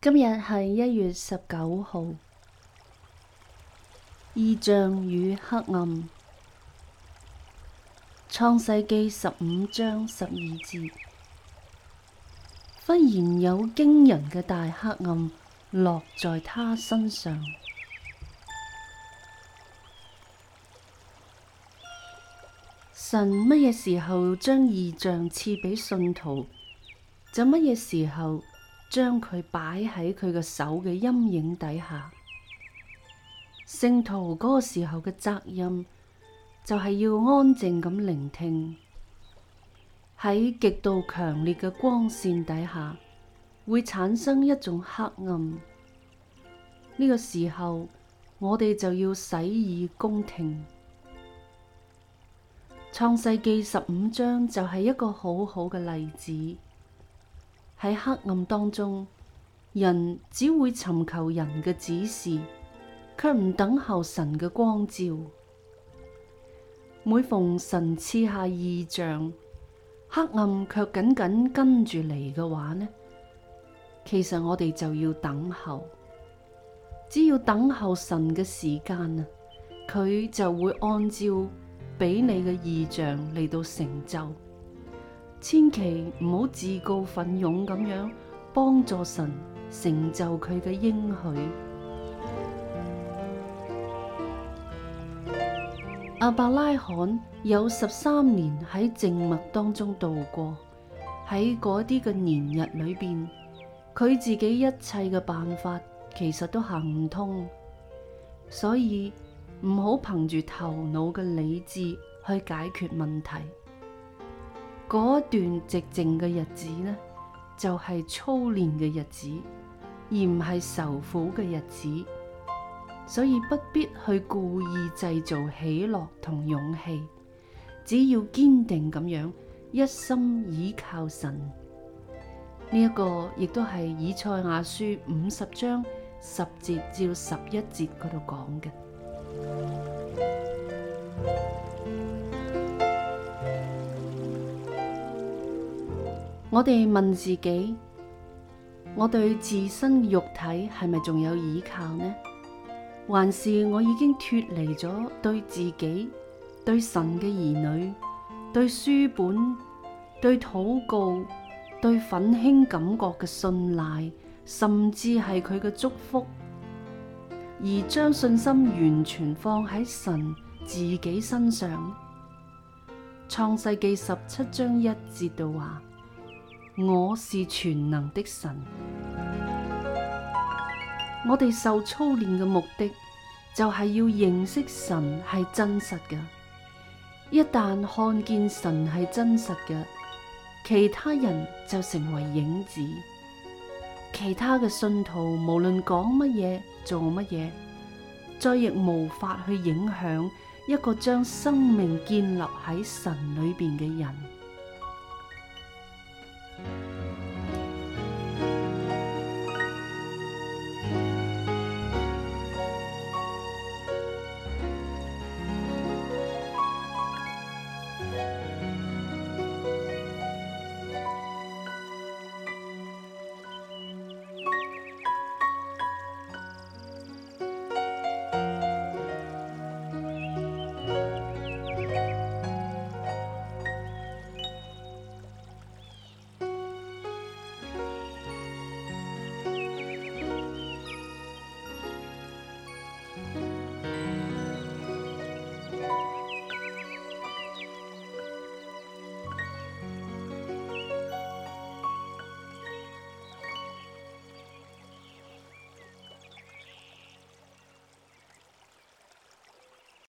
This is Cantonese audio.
今日係一月十九號。異象與黑暗，創世記十五章十二節。忽然有驚人嘅大黑暗落在他身上。神乜嘢時候將異象賜畀信徒，就乜嘢時候。將佢擺喺佢個手嘅陰影底下，聖徒嗰個時候嘅責任就係要安靜咁聆聽。喺極度強烈嘅光線底下，會產生一種黑暗。呢個時候，我哋就要洗耳恭聽。創世記十五章就係一個好好嘅例子。喺黑暗當中，人只會尋求人嘅指示，卻唔等候神嘅光照。每逢神賜下異象，黑暗卻緊緊跟住嚟嘅話呢？其實我哋就要等候，只要等候神嘅時間啊，佢就會按照俾你嘅異象嚟到成就。千祈唔好自告奮勇，咁樣幫助神成就佢嘅應許。阿伯拉罕有十三年喺靜默當中度過，喺嗰啲嘅年日裏面，佢自己一切嘅辦法其實都行唔通，所以唔好憑住頭腦嘅理智去解決問題。嗰段寂靜嘅日子呢，就係、是、操練嘅日子，而唔係受苦嘅日子。所以不必去故意製造喜樂同勇氣，只要堅定咁樣一心倚靠神。呢、這、一個亦都係以賽亞書五十章十節至十一節嗰度講嘅。我哋問自己：我對自身肉體係咪仲有依靠呢？還是我已經脫離咗對自己、對神嘅兒女、對書本、對禱告、對奮興感覺嘅信賴，甚至係佢嘅祝福，而將信心完全放喺神自己身上？創世紀十七章一節度話。我是全能的神，我哋受操練嘅目的就係要認識神係真實嘅。一旦看見神係真實嘅，其他人就成為影子，其他嘅信徒無論講乜嘢、做乜嘢，再亦無法去影響一個將生命建立喺神裏邊嘅人。